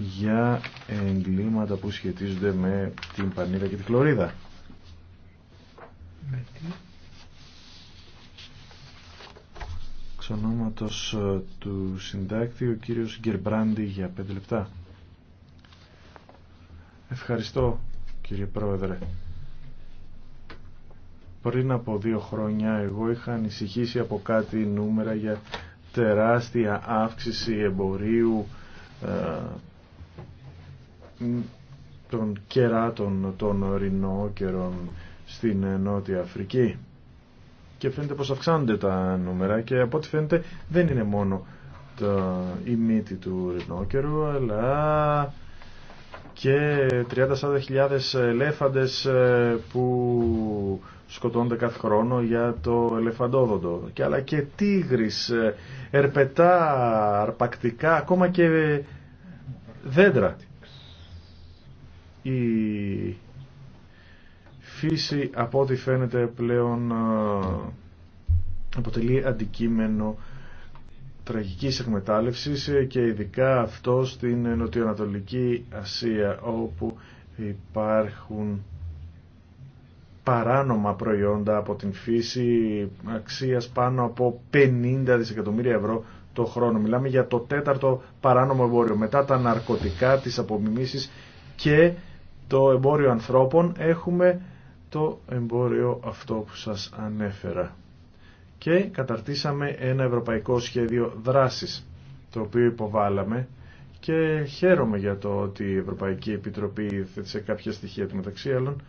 για εγκλήματα που σχετίζονται με την Πανίδα και τη Χλωρίδα. Με τι? Ξονόματος ε, του συντάκτη ο κύριος Γκερμπράντι για 5 λεπτά. Ευχαριστώ κύριε Πρόεδρε. Πριν από δύο χρόνια εγώ είχα ανησυχήσει από κάτι νούμερα για τεράστια αύξηση εμπορίου ε, των κεράτων των ρινόκερων στην Νότια Αφρική και φαίνεται πως αυξάνονται τα νούμερα και από ό,τι φαίνεται δεν είναι μόνο το η μύτη του ρινόκερου αλλά και 30-40 ελέφαντες ε, που σκοτώνται κάθε χρόνο για το ελεφαντόδοντο και αλλά και τίγρης, ε, ερπετά, αρπακτικά, ακόμα και δέντρα η φύση από ό,τι φαίνεται πλέον ε, αποτελεί αντικείμενο τραγικής εκμετάλλευσης ε, και ειδικά αυτό στην Νοτιοανατολική Ασία όπου υπάρχουν παράνομα προϊόντα από την φύση αξίας πάνω από 50 δισεκατομμύρια ευρώ το χρόνο. Μιλάμε για το τέταρτο παράνομο εμπόριο μετά τα ναρκωτικά, τις απομιμήσεις και το εμπόριο ανθρώπων έχουμε το εμπόριο αυτό που σας ανέφερα. Και καταρτήσαμε ένα ευρωπαϊκό σχέδιο δράσης το οποίο υποβάλαμε και χαίρομαι για το ότι η Ευρωπαϊκή Επιτροπή θέτησε κάποια στοιχεία του μεταξύ άλλων.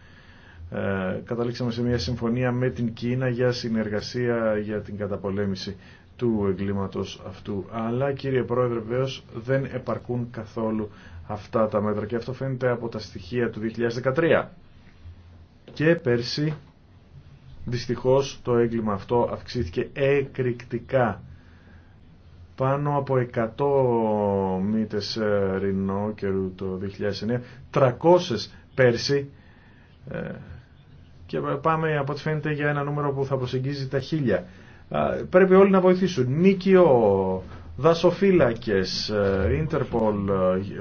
Ε, καταλήξαμε σε μια συμφωνία με την Κίνα για συνεργασία για την καταπολέμηση του εγκλήματος αυτού. Αλλά κύριε Πρόεδρε βεβαίω δεν επαρκούν καθόλου αυτά τα μέτρα και αυτό φαίνεται από τα στοιχεία του 2013. Και πέρσι δυστυχώς το έγκλημα αυτό αυξήθηκε εκρηκτικά. Πάνω από 100 μύτες ε, ρινό καιρού το 2009, 300 πέρσι ε, και πάμε από ό,τι φαίνεται για ένα νούμερο που θα προσεγγίζει τα χίλια. Πρέπει όλοι να βοηθήσουν. Νίκιο, δασοφύλακες, ε, Interpol,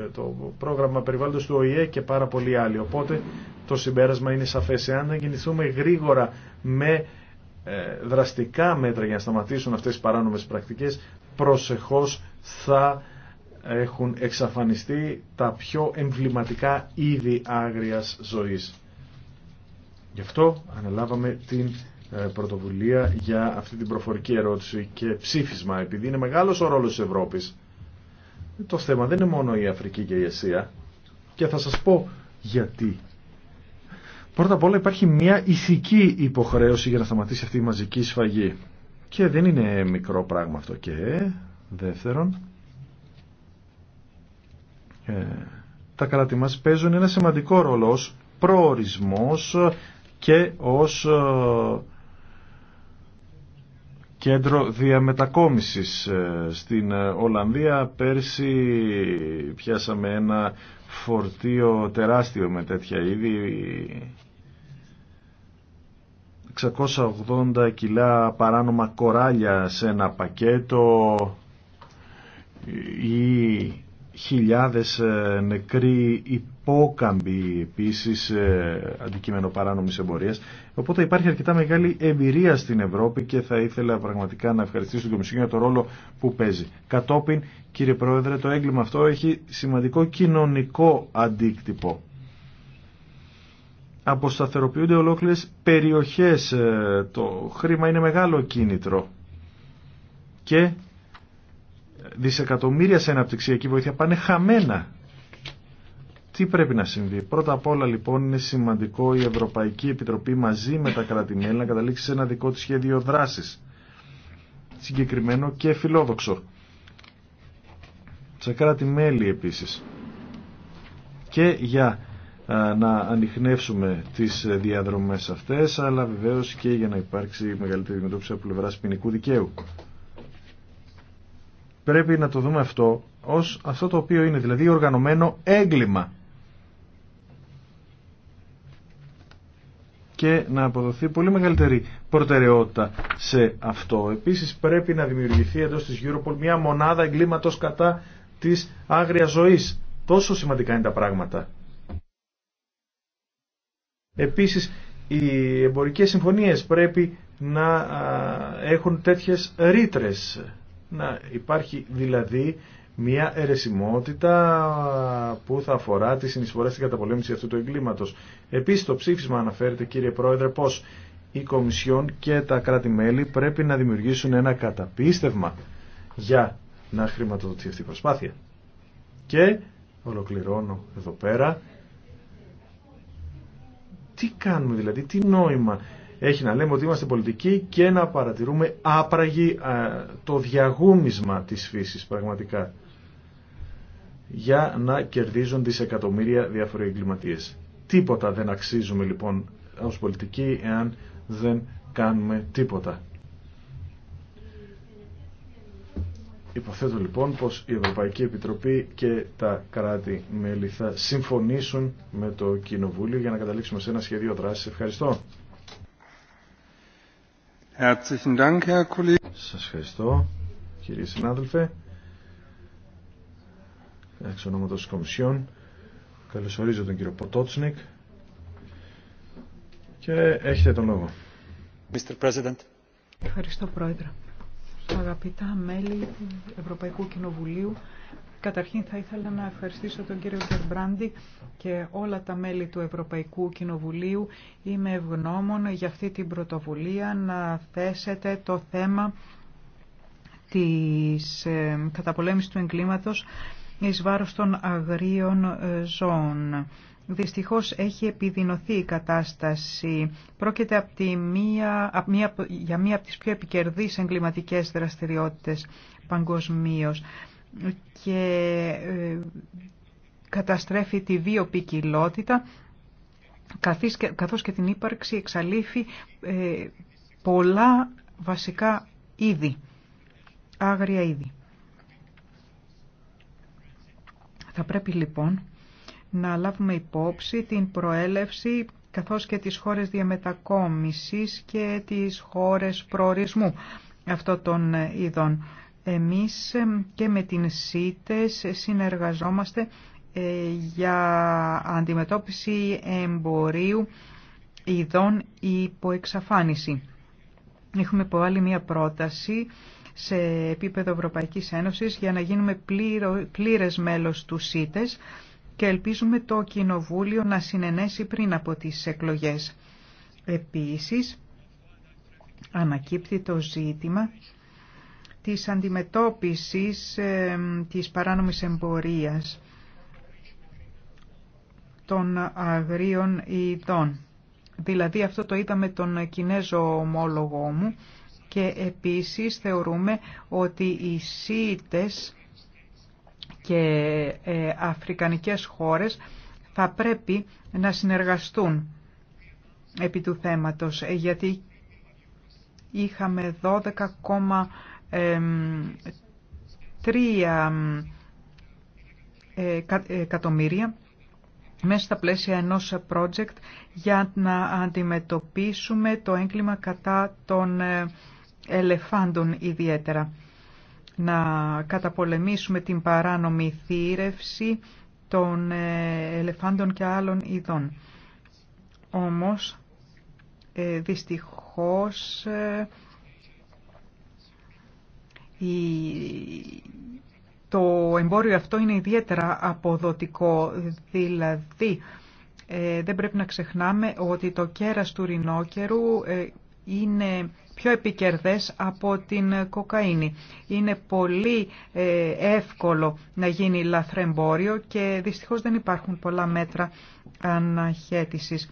ε, το πρόγραμμα περιβάλλοντος του ΟΗΕ και πάρα πολλοί άλλοι. Οπότε το συμπέρασμα είναι σαφές. Εάν δεν κινηθούμε γρήγορα με ε, δραστικά μέτρα για να σταματήσουν αυτές τις παράνομες πρακτικές, προσεχώς θα έχουν εξαφανιστεί τα πιο εμβληματικά είδη άγριας ζωής. Γι' αυτό αναλάβαμε την ε, πρωτοβουλία για αυτή την προφορική ερώτηση και ψήφισμα, επειδή είναι μεγάλος ο ρόλος της Ευρώπης. Το θέμα δεν είναι μόνο η Αφρική και η Ασία και θα σας πω γιατί. Πρώτα απ' όλα υπάρχει μια ηθική υποχρέωση για να σταματήσει αυτή η μαζική σφαγή. Και δεν είναι μικρό πράγμα αυτό. Και δεύτερον, ε, τα κράτη μας παίζουν ένα σημαντικό ρόλο ως προορισμός και ως ε, κέντρο διαμετακόμισης ε, στην ε, Ολλανδία. Πέρσι πιάσαμε ένα φορτίο τεράστιο με τέτοια είδη. 680 κιλά παράνομα κοράλια σε ένα πακέτο ή χιλιάδες ε, νεκροί απόκαμπη επίσης ε, αντικείμενο παράνομης εμπορίας. Οπότε υπάρχει αρκετά μεγάλη εμπειρία στην Ευρώπη και θα ήθελα πραγματικά να ευχαριστήσω την Κομισιόν για το ρόλο που παίζει. Κατόπιν, κύριε Πρόεδρε, το έγκλημα αυτό έχει σημαντικό κοινωνικό αντίκτυπο. Αποσταθεροποιούνται ολόκληρες περιοχές. Ε, το χρήμα είναι μεγάλο κίνητρο. Και δισεκατομμύρια σε αναπτυξιακή βοήθεια πάνε χαμένα τι πρέπει να συμβεί. Πρώτα απ' όλα λοιπόν είναι σημαντικό η Ευρωπαϊκή Επιτροπή μαζί με τα κράτη-μέλη να καταλήξει σε ένα δικό της σχέδιο δράσης. Συγκεκριμένο και φιλόδοξο. Σε κράτη-μέλη επίσης. Και για να ανοιχνεύσουμε τις διαδρομές αυτές, αλλά βεβαίως και για να υπάρξει μεγαλύτερη δημιουργία από πλευράς ποινικού δικαίου. Πρέπει να το δούμε αυτό ως αυτό το οποίο είναι, δηλαδή οργανωμένο έγκλημα. και να αποδοθεί πολύ μεγαλύτερη προτεραιότητα σε αυτό. Επίση, πρέπει να δημιουργηθεί εντό τη Europol μια μονάδα εγκλήματος κατά της άγρια ζωή. Τόσο σημαντικά είναι τα πράγματα. Επίσης οι εμπορικέ συμφωνίε πρέπει να έχουν τέτοιε ρήτρε, Να υπάρχει δηλαδή μια αιρεσιμότητα που θα αφορά τη συνεισφορά στην καταπολέμηση αυτού του εγκλήματος. Επίση, το ψήφισμα αναφέρεται κύριε Πρόεδρε πως η Κομισιόν και τα κράτη-μέλη πρέπει να δημιουργήσουν ένα καταπίστευμα για να χρηματοδοτηθεί αυτή η προσπάθεια. Και ολοκληρώνω εδώ πέρα. Τι κάνουμε δηλαδή, τι νόημα έχει να λέμε ότι είμαστε πολιτικοί και να παρατηρούμε άπραγη το διαγούμισμα της φύσης πραγματικά για να κερδίζουν δισεκατομμύρια διάφοροι εγκληματίες. Τίποτα δεν αξίζουμε λοιπόν ως πολιτικοί εάν δεν κάνουμε τίποτα. Υποθέτω λοιπόν πως η Ευρωπαϊκή Επιτροπή και τα κράτη-μέλη θα συμφωνήσουν με το Κοινοβούλιο για να καταλήξουμε σε ένα σχέδιο δράσης. Ευχαριστώ. Σας ευχαριστώ κύριε συνάδελφε εξ ονόματος Κομισιόν. Καλωσορίζω τον κύριο Ποτότσνικ και έχετε τον λόγο. Mr. President. Ευχαριστώ Πρόεδρε. Αγαπητά μέλη του Ευρωπαϊκού Κοινοβουλίου, Καταρχήν θα ήθελα να ευχαριστήσω τον κύριο Γερμπράντη και όλα τα μέλη του Ευρωπαϊκού Κοινοβουλίου. Είμαι ευγνώμων για αυτή την πρωτοβουλία να θέσετε το θέμα της ε, καταπολέμησης του εγκλήματος εις βάρος των αγρίων ε, ζώων. Δυστυχώς έχει επιδεινωθεί η κατάσταση. Πρόκειται μία, από για μία από τις πιο επικερδείς εγκληματικές δραστηριότητες παγκοσμίως και ε, καταστρέφει τη βιοπικιλότητα καθώς και την ύπαρξη εξαλείφει ε, πολλά βασικά είδη, άγρια είδη. Θα πρέπει λοιπόν να λάβουμε υπόψη την προέλευση καθώς και τις χώρες διαμετακόμισης και τις χώρες προορισμού αυτών των ειδών. Εμείς και με την ΣΥΤΕΣ συνεργαζόμαστε ε, για αντιμετώπιση εμπορίου ειδών υπό εξαφάνιση. Έχουμε υποβάλει μία πρόταση σε επίπεδο Ευρωπαϊκής Ένωσης για να γίνουμε πλήρες μέλος του ΣΥΤΕΣ και ελπίζουμε το Κοινοβούλιο να συνενέσει πριν από τις εκλογές. Επίσης, ανακύπτει το ζήτημα της αντιμετώπισης ε, της παράνομης εμπορίας των αγρίων ειδών. Δηλαδή αυτό το είδαμε τον Κινέζο ομόλογό μου, και επίσης θεωρούμε ότι οι ΣΥΙΤΕΣ και ε, αφρικανικές χώρες θα πρέπει να συνεργαστούν επί του θέματος ε, γιατί είχαμε 12,3 ε, εκατομμύρια μέσα στα πλαίσια ενός project για να αντιμετωπίσουμε το έγκλημα κατά των ελεφάντων ιδιαίτερα. Να καταπολεμήσουμε την παράνομη θύρευση των ε, ελεφάντων και άλλων ειδών. Όμως, ε, δυστυχώς, ε, το εμπόριο αυτό είναι ιδιαίτερα αποδοτικό, δηλαδή... δεν πρέπει να ξεχνάμε ότι το κέρας του ρινόκερου ε, είναι πιο επικερδές από την κοκαίνη. Είναι πολύ ε, εύκολο να γίνει λαθρεμπόριο και δυστυχώς δεν υπάρχουν πολλά μέτρα αναχέτησης.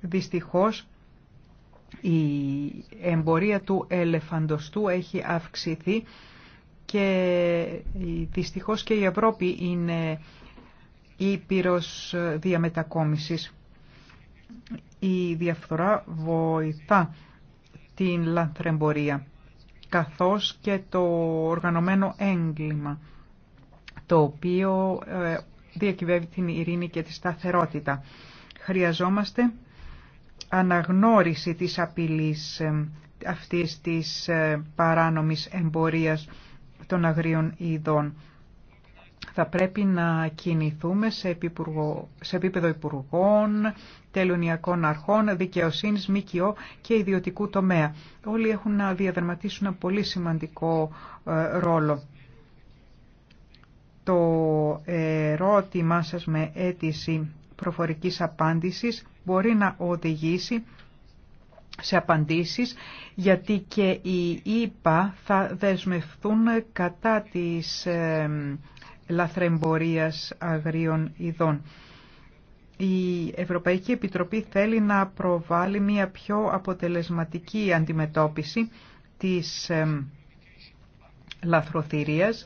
Δυστυχώς η εμπορία του ελεφαντοστού έχει αυξηθεί και ε, δυστυχώς και η Ευρώπη είναι ήπειρος διαμετακόμισης. Η διαφθορά βοηθά την λανθρεμπορία καθώς και το οργανωμένο έγκλημα το οποίο ε, διακυβεύει την ειρήνη και τη σταθερότητα. Χρειαζόμαστε αναγνώριση της απειλής ε, αυτής της ε, παράνομης εμπορίας των αγρίων ειδών θα πρέπει να κινηθούμε σε, σε επίπεδο υπουργών, τελωνιακών αρχών, δικαιοσύνης, ΜΚΟ και ιδιωτικού τομέα. Όλοι έχουν να διαδραματίσουν ένα πολύ σημαντικό ε, ρόλο. Το ερώτημά σας με αίτηση προφορικής απάντησης μπορεί να οδηγήσει σε απαντήσεις γιατί και οι ΙΠΑ θα δεσμευθούν κατά της ε, λαθρεμπορίας αγρίων ειδών. Η Ευρωπαϊκή Επιτροπή θέλει να προβάλλει μια πιο αποτελεσματική αντιμετώπιση της λαθροθυρίας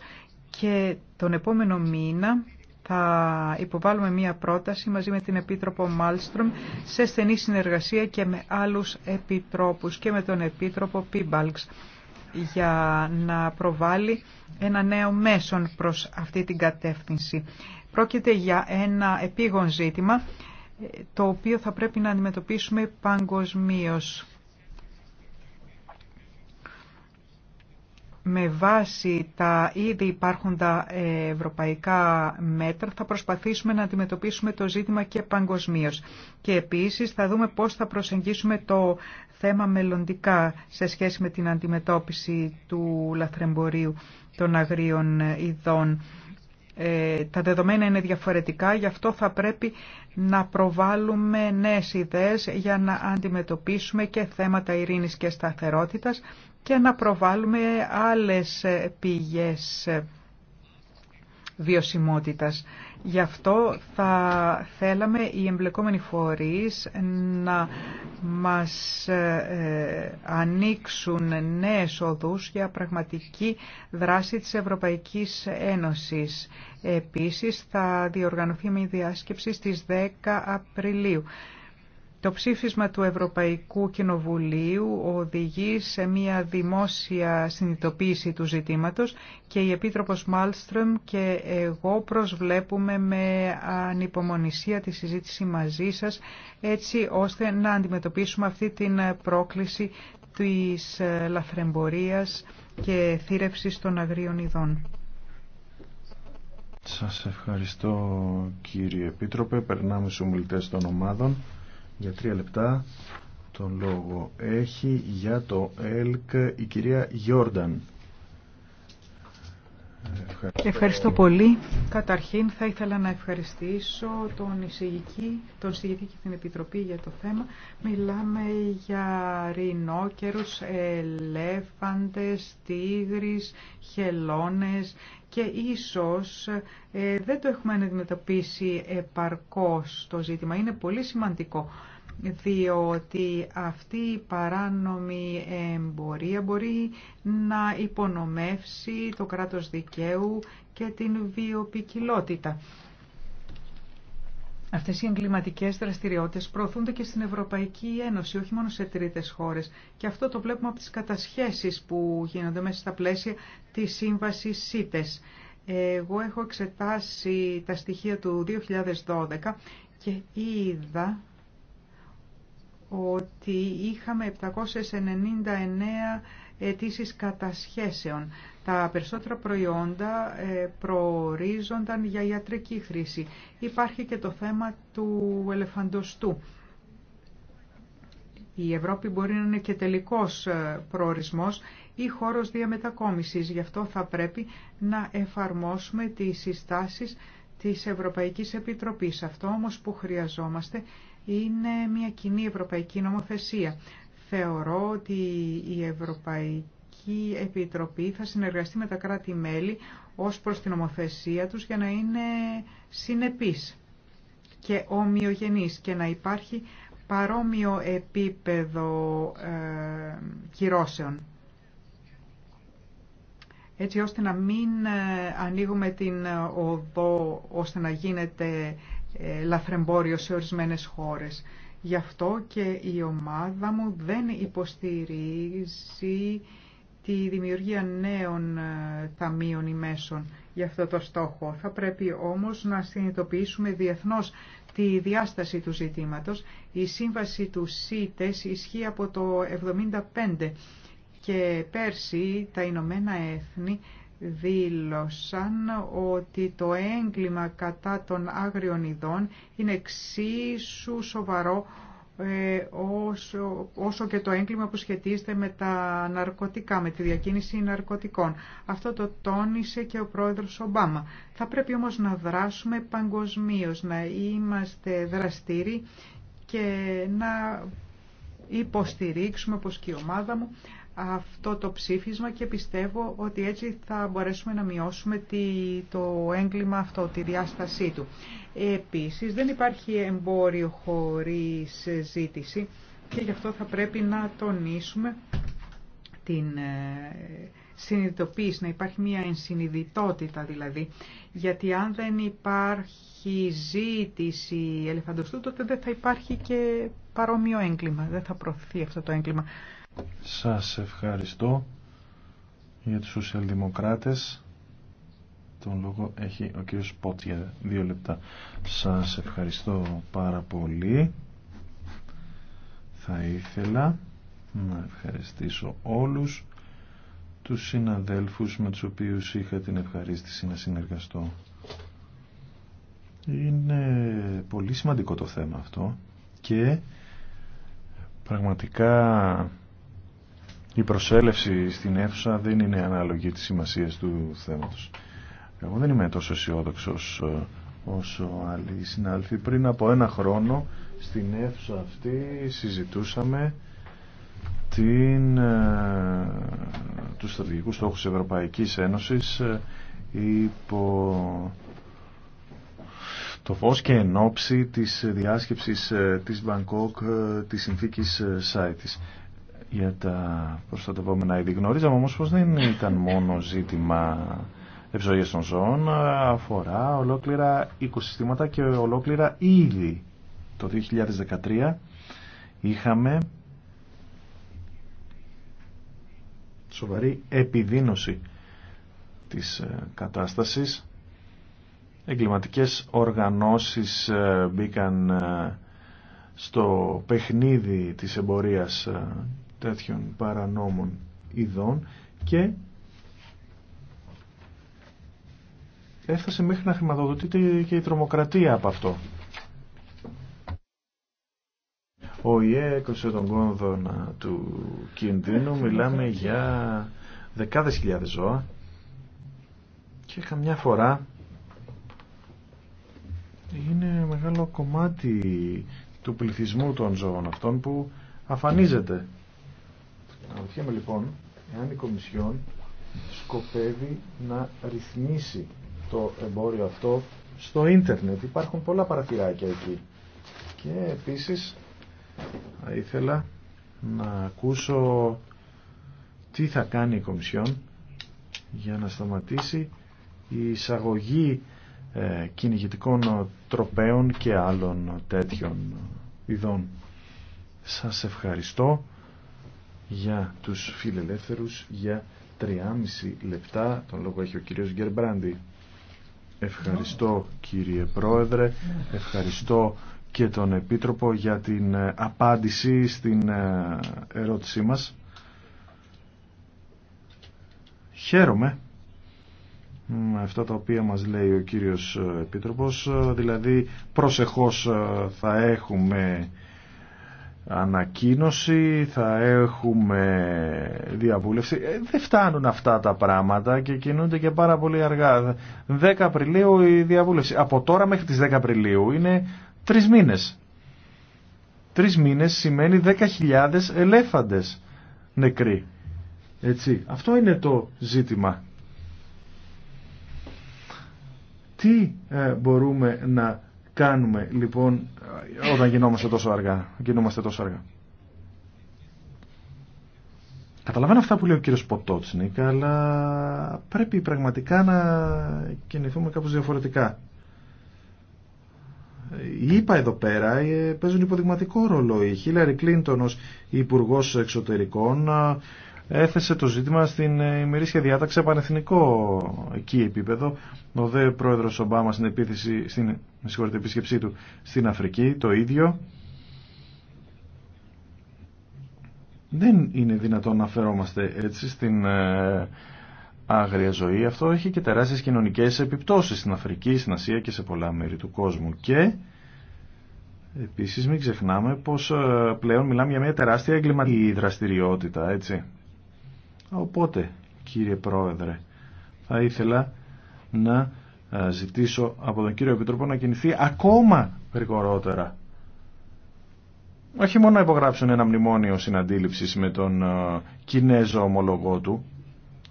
και τον επόμενο μήνα θα υποβάλουμε μία πρόταση μαζί με την Επίτροπο Μάλστρομ σε στενή συνεργασία και με άλλους επιτρόπους και με τον Επίτροπο Πίμπαλξ για να προβάλλει ένα νέο μέσον προς αυτή την κατεύθυνση. Πρόκειται για ένα επίγον ζήτημα το οποίο θα πρέπει να αντιμετωπίσουμε παγκοσμίω. Με βάση τα ήδη υπάρχοντα ευρωπαϊκά μέτρα θα προσπαθήσουμε να αντιμετωπίσουμε το ζήτημα και παγκοσμίω. Και επίσης θα δούμε πώς θα προσεγγίσουμε το θέμα μελλοντικά σε σχέση με την αντιμετώπιση του λαθρεμπορίου των αγρίων ειδών. Ε, τα δεδομένα είναι διαφορετικά, γι' αυτό θα πρέπει να προβάλλουμε νέες ιδέες για να αντιμετωπίσουμε και θέματα ειρήνης και σταθερότητας και να προβάλλουμε άλλες πηγές βιωσιμότητας. Γι' αυτό θα θέλαμε οι εμπλεκόμενοι φορείς να μας ε, ανοίξουν νέες οδούς για πραγματική δράση της Ευρωπαϊκής Ένωσης. Επίσης θα διοργανωθεί μια διάσκεψη στις 10 Απριλίου το ψήφισμα του Ευρωπαϊκού Κοινοβουλίου οδηγεί σε μια δημόσια συνειδητοποίηση του ζητήματος και η Επίτροπος Μάλστρομ και εγώ προσβλέπουμε με ανυπομονησία τη συζήτηση μαζί σας έτσι ώστε να αντιμετωπίσουμε αυτή την πρόκληση της λαθρεμπορίας και θύρευσης των αγρίων ειδών. Σας ευχαριστώ κύριε Επίτροπε. Περνάμε στους ομιλητές των ομάδων. Για τρία λεπτά τον λόγο έχει για το ΕΛΚ η κυρία Γιόρνταν. Ευχαριστώ. πολύ. Καταρχήν θα ήθελα να ευχαριστήσω τον εισηγητή, τον εισηγητή και την Επιτροπή για το θέμα. Μιλάμε για ρινόκερους, ελέφαντες, τίγρεις, χελώνες, και ίσως ε, δεν το έχουμε αντιμετωπίσει επαρκώς το ζήτημα. Είναι πολύ σημαντικό διότι αυτή η παράνομη εμπορία μπορεί να υπονομεύσει το κράτος δικαίου και την βιοπικιλότητα. Αυτές οι εγκληματικές δραστηριότητες προωθούνται και στην Ευρωπαϊκή Ένωση, όχι μόνο σε τρίτες χώρες. Και αυτό το βλέπουμε από τις κατασχέσεις που γίνονται μέσα στα πλαίσια της Σύμβασης ΣΥΤΕΣ. Εγώ έχω εξετάσει τα στοιχεία του 2012 και είδα ότι είχαμε 799 αιτήσει κατασχέσεων. Τα περισσότερα προϊόντα ε, προορίζονταν για ιατρική χρήση. Υπάρχει και το θέμα του ελεφαντοστού. Η Ευρώπη μπορεί να είναι και τελικός ε, προορισμός ή χώρος διαμετακόμισης. Γι' αυτό θα πρέπει να εφαρμόσουμε τις συστάσεις της Ευρωπαϊκής Επιτροπής. Αυτό όμως που χρειαζόμαστε είναι μια κοινή ευρωπαϊκή νομοθεσία. Θεωρώ ότι η Ευρωπαϊκή Ευρωπαϊκή Επιτροπή θα συνεργαστεί με τα κράτη-μέλη ως προς την ομοθεσία τους για να είναι συνεπής και ομοιογενής και να υπάρχει παρόμοιο επίπεδο ε, κυρώσεων. Έτσι ώστε να μην ε, ανοίγουμε την ε, οδό ώστε να γίνεται ε, λαθρεμπόριο σε ορισμένες χώρες. Γι' αυτό και η ομάδα μου δεν υποστηρίζει τη δημιουργία νέων ε, ταμείων ή μέσων για αυτό το στόχο. Θα πρέπει όμως να συνειδητοποιήσουμε διεθνώς τη διάσταση του ζητήματος. Η σύμβαση του ΣΥΤΕΣ ισχύει από το 1975 και πέρσι τα Ηνωμένα Έθνη δήλωσαν ότι το έγκλημα κατά των άγριων ειδών είναι εξίσου σοβαρό ε, όσο, και το έγκλημα που σχετίζεται με τα ναρκωτικά, με τη διακίνηση ναρκωτικών. Αυτό το τόνισε και ο πρόεδρος Ομπάμα. Θα πρέπει όμως να δράσουμε παγκοσμίως, να είμαστε δραστήριοι και να υποστηρίξουμε, όπως και η ομάδα μου, αυτό το ψήφισμα και πιστεύω ότι έτσι θα μπορέσουμε να μειώσουμε το έγκλημα αυτό, τη διάστασή του. Επίσης δεν υπάρχει εμπόριο χωρίς ζήτηση και γι' αυτό θα πρέπει να τονίσουμε την ε, συνειδητοποίηση, να υπάρχει μια ενσυνειδητότητα δηλαδή. Γιατί αν δεν υπάρχει ζήτηση ελεφαντοστού τότε δεν θα υπάρχει και παρόμοιο έγκλημα, δεν θα προωθεί αυτό το έγκλημα. Σας ευχαριστώ για τους σοσιαλδημοκράτες. Τον λόγο έχει ο κύριος Πότια. για δύο λεπτά. Σας ευχαριστώ πάρα πολύ. Θα ήθελα να ευχαριστήσω όλους τους συναδέλφους με τους οποίους είχα την ευχαρίστηση να συνεργαστώ. Είναι πολύ σημαντικό το θέμα αυτό και πραγματικά η προσέλευση στην αίθουσα δεν είναι ανάλογη της σημασίας του θέματος. Εγώ δεν είμαι τόσο αισιόδοξο ε, όσο άλλοι συνάδελφοι. Πριν από ένα χρόνο στην αίθουσα αυτή συζητούσαμε την, ε, τους στρατηγικούς στόχους της Ευρωπαϊκής Ένωσης ε, υπό το φως και εν της διάσκεψης της ε, της συνθήκης ΣΑΙΤΙΣ για τα προστατευόμενα είδη. Γνωρίζαμε όμως πως δεν ήταν μόνο ζήτημα ευζωίας των ζώων, αφορά ολόκληρα οικοσυστήματα και ολόκληρα είδη. Το 2013 είχαμε σοβαρή επιδίνωση της ε, κατάστασης. Εγκληματικές οργανώσεις ε, μπήκαν ε, στο παιχνίδι της εμπορίας τέτοιων παρανόμων ειδών και έφτασε μέχρι να χρηματοδοτείται και η τρομοκρατία από αυτό. Ο ΙΕ έκοψε τον κόνδωνα του κινδύνου, μιλάμε για δεκάδες χιλιάδες ζώα και καμιά φορά είναι μεγάλο κομμάτι του πληθυσμού των ζώων αυτών που αφανίζεται Αναρωτιέμαι λοιπόν εάν η Κομισιόν σκοπεύει να ρυθμίσει το εμπόριο αυτό στο ίντερνετ. Υπάρχουν πολλά παραθυράκια εκεί. Και επίσης θα ήθελα να ακούσω τι θα κάνει η Κομισιόν για να σταματήσει η εισαγωγή ε, κυνηγητικών τροπέων και άλλων τέτοιων ειδών. Σας ευχαριστώ για τους φιλελεύθερους για 3,5 λεπτά. Τον λόγο έχει ο κύριος Γκέρμπραντι. Ευχαριστώ κύριε Πρόεδρε, ευχαριστώ και τον Επίτροπο για την ε, απάντηση στην ε, ερώτησή μας. Χαίρομαι με αυτά τα οποία μας λέει ο κύριος ε, Επίτροπος, δηλαδή προσεχώς θα έχουμε ανακοίνωση, θα έχουμε διαβούλευση. Ε, δεν φτάνουν αυτά τα πράγματα και κινούνται και πάρα πολύ αργά. 10 Απριλίου η διαβούλευση. Από τώρα μέχρι τις 10 Απριλίου είναι τρεις μήνες. Τρεις μήνες σημαίνει 10.000 ελέφαντες νεκροί. Έτσι. Αυτό είναι το ζήτημα. Τι ε, μπορούμε να κάνουμε λοιπόν όταν γινόμαστε τόσο αργά. Γινόμαστε τόσο αργά. Καταλαβαίνω αυτά που λέει ο κύριος Ποτότσνικ, αλλά πρέπει πραγματικά να κινηθούμε κάπως διαφορετικά. Είπα εδώ πέρα ε, παίζουν υποδειγματικό ρόλο. Η Χίλαρη Κλίντον ως Υπουργός Εξωτερικών έθεσε το ζήτημα στην ε, ημερήσια διάταξη σε πανεθνικό εκεί επίπεδο. Ο δε πρόεδρος Ομπάμα στην, επίθεση, στην συγχωρείτε, επίσκεψή του στην Αφρική το ίδιο. Δεν είναι δυνατόν να φερόμαστε έτσι στην ε, άγρια ζωή. Αυτό έχει και τεράστιες κοινωνικέ επιπτώσει στην Αφρική, στην Ασία και σε πολλά μέρη του κόσμου. Και επίσης μην ξεχνάμε πως ε, πλέον μιλάμε για μια τεράστια εγκληματική δραστηριότητα, έτσι. Οπότε, κύριε Πρόεδρε, θα ήθελα να ε, ζητήσω από τον κύριο Επιτρόπο να κινηθεί ακόμα γρηγορότερα. Όχι μόνο να υπογράψουν ένα μνημόνιο συναντήληψης με τον ε, Κινέζο ομολογό του,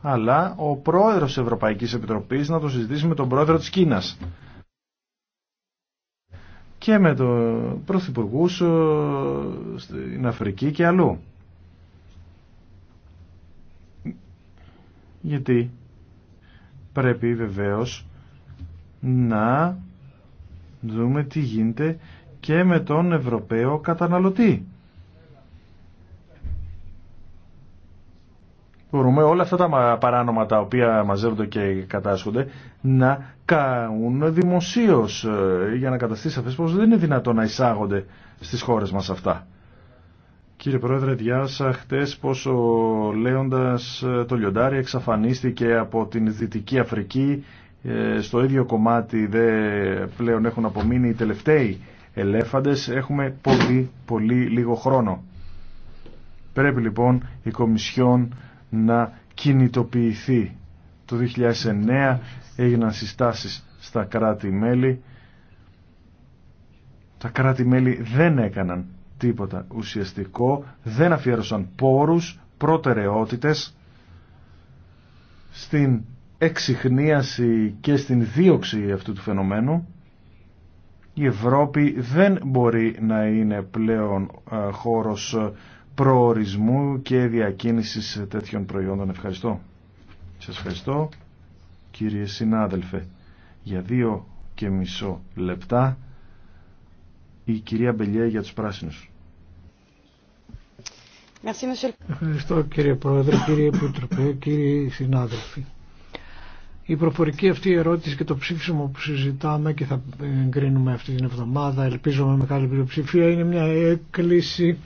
αλλά ο πρόεδρος Ευρωπαϊκής Επιτροπής να το συζητήσει με τον πρόεδρο της Κίνας και με το πρωθυπουργούς ε, στην Αφρική και αλλού. γιατί πρέπει βεβαίως να δούμε τι γίνεται και με τον Ευρωπαίο καταναλωτή. Μπορούμε όλα αυτά τα παράνομα τα οποία μαζεύονται και κατάσχονται να καούν δημοσίως ε, για να καταστήσει σαφές πως δεν είναι δυνατόν να εισάγονται στις χώρες μας αυτά. Κύριε Πρόεδρε, διάσα χτες πως ο Λέοντας ε, το λιοντάρι εξαφανίστηκε από την Δυτική Αφρική. Ε, στο ίδιο κομμάτι δε πλέον έχουν απομείνει οι τελευταίοι ελέφαντες. Έχουμε πολύ, πολύ λίγο χρόνο. Πρέπει λοιπόν η Κομισιόν να κινητοποιηθεί. Το 2009 έγιναν συστάσεις στα κράτη-μέλη. Τα κράτη-μέλη δεν έκαναν τίποτα ουσιαστικό, δεν αφιέρωσαν πόρους, προτεραιότητες στην εξυχνίαση και στην δίωξη αυτού του φαινομένου. Η Ευρώπη δεν μπορεί να είναι πλέον ε, χώρος ε, προορισμού και διακίνησης τέτοιων προϊόντων. Ευχαριστώ. Σας ευχαριστώ κύριε συνάδελφε. Για δύο και μισό λεπτά η κυρία Μπελιέ για τους πράσινους. Ευχαριστώ κύριε Πρόεδρε, κύριε Επίτροπε, κύριοι συνάδελφοι. Η προφορική αυτή ερώτηση και το ψήφισμα που συζητάμε και θα εγκρίνουμε αυτή την εβδομάδα, ελπίζω με μεγάλη πλειοψηφία, είναι μια έκκληση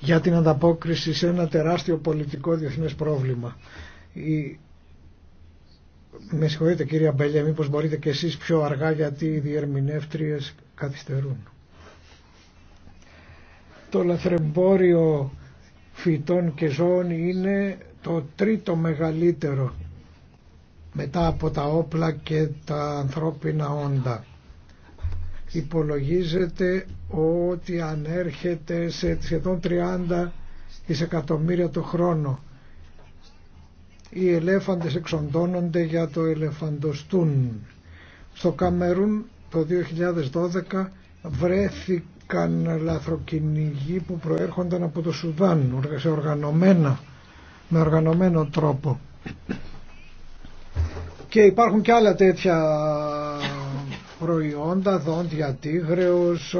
για την ανταπόκριση σε ένα τεράστιο πολιτικό διεθνές πρόβλημα. Η... Με συγχωρείτε κύριε Μπέλια, μήπως μπορείτε και εσείς πιο αργά γιατί οι διερμηνεύτριες καθυστερούν. Το λαθρεμπόριο φυτών και ζώων είναι το τρίτο μεγαλύτερο μετά από τα όπλα και τα ανθρώπινα όντα. Υπολογίζεται ότι ανέρχεται σε σχεδόν 30 δισεκατομμύρια το χρόνο. Οι ελέφαντες εξοντώνονται για το ελεφαντοστούν. Στο Καμερούν το 2012 βρέθηκε υπήρχαν λαθροκυνηγοί που προέρχονταν από το Σουδάν σε οργανωμένα, με οργανωμένο τρόπο. Και υπάρχουν και άλλα τέτοια προϊόντα, δόντια τίγρεως, ε,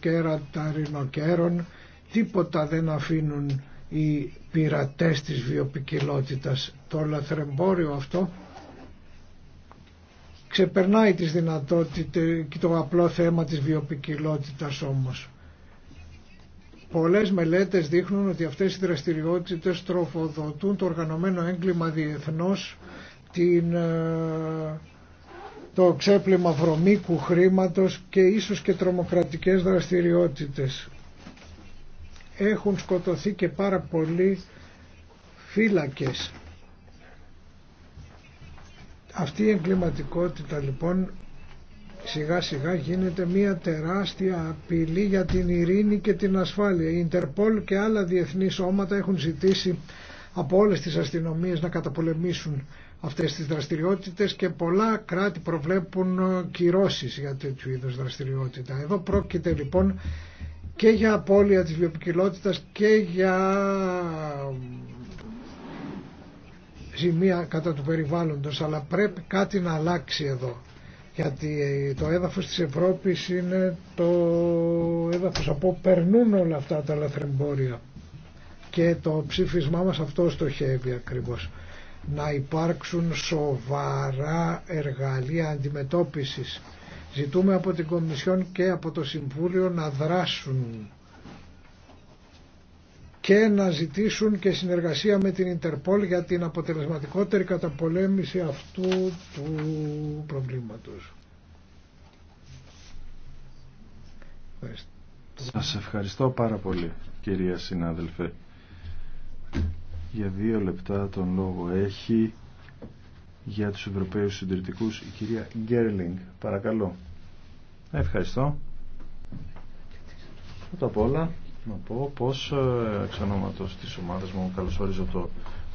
κέρατα ρινοκέρων, τίποτα δεν αφήνουν οι πειρατές της βιοπικιλότητας. Το λαθρεμπόριο αυτό ξεπερνάει τις δυνατότητες και το απλό θέμα της βιοπικιλότητας όμως. Πολλές μελέτες δείχνουν ότι αυτές οι δραστηριότητες τροφοδοτούν το οργανωμένο έγκλημα διεθνώς την, ε, το ξέπλυμα βρωμίκου χρήματος και ίσως και τρομοκρατικές δραστηριότητες. Έχουν σκοτωθεί και πάρα πολλοί φύλακες αυτή η εγκληματικότητα λοιπόν σιγά σιγά γίνεται μια τεράστια απειλή για την ειρήνη και την ασφάλεια. Η Ιντερπόλ και άλλα διεθνή σώματα έχουν ζητήσει από όλες τις αστυνομίες να καταπολεμήσουν αυτές τις δραστηριότητες και πολλά κράτη προβλέπουν ε, κυρώσεις για τέτοιου είδους δραστηριότητα. Εδώ πρόκειται λοιπόν και για απώλεια της βιοποικιλότητας και για ζημία κατά του περιβάλλοντος αλλά πρέπει κάτι να αλλάξει εδώ γιατί ε, το έδαφος της Ευρώπης είναι το έδαφος από όπου περνούν όλα αυτά τα λαθρεμπόρια και το ψήφισμά μας αυτό στοχεύει ακριβώς να υπάρξουν σοβαρά εργαλεία αντιμετώπισης ζητούμε από την Κομισιόν και από το Συμβούλιο να δράσουν και να ζητήσουν και συνεργασία με την Ιντερπόλ για την αποτελεσματικότερη καταπολέμηση αυτού του προβλήματος. Σας ευχαριστώ πάρα πολύ κυρία συνάδελφε. Για δύο λεπτά τον λόγο έχει για τους Ευρωπαίους Συντηρητικούς η κυρία Γκέρλινγκ. Παρακαλώ. Ευχαριστώ. Πρώτα απ' όλα να πω πως ε, εξ ονόματος της ομάδας μου καλωσορίζω το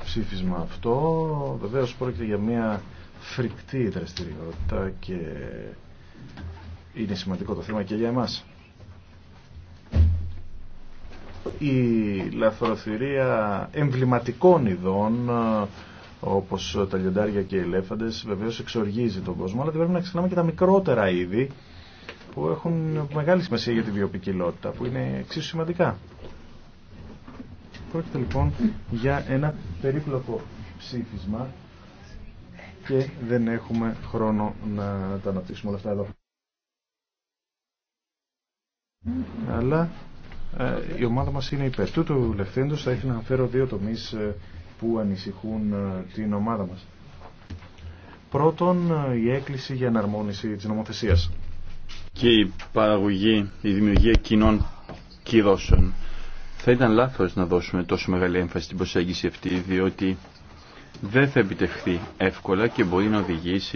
ψήφισμα αυτό. Βεβαίως πρόκειται για μια φρικτή δραστηριότητα και είναι σημαντικό το θέμα και για εμάς. Η λαθροθυρία εμβληματικών ειδών ε, όπως τα λιοντάρια και οι ελέφαντες βεβαίως εξοργίζει τον κόσμο αλλά δεν πρέπει να ξεχνάμε και τα μικρότερα είδη που έχουν μεγάλη σημασία για τη βιοπικιλότητα, που είναι εξίσου σημαντικά. Πρόκειται λοιπόν για ένα περίπλοκο ψήφισμα και δεν έχουμε χρόνο να τα αναπτύξουμε όλα αυτά εδώ. Αλλά ε, η ομάδα μας είναι υπέρ. Τούτου λευθέντος θα ήθελα να φέρω δύο τομείς ε, που ανησυχούν ε, την ομάδα μας. Πρώτον, η έκκληση για εναρμόνιση της νομοθεσίας και η παραγωγή, η δημιουργία κοινών κυρώσεων. Θα ήταν λάθος να δώσουμε τόσο μεγάλη έμφαση στην προσέγγιση αυτή, διότι δεν θα επιτευχθεί εύκολα και μπορεί να οδηγήσει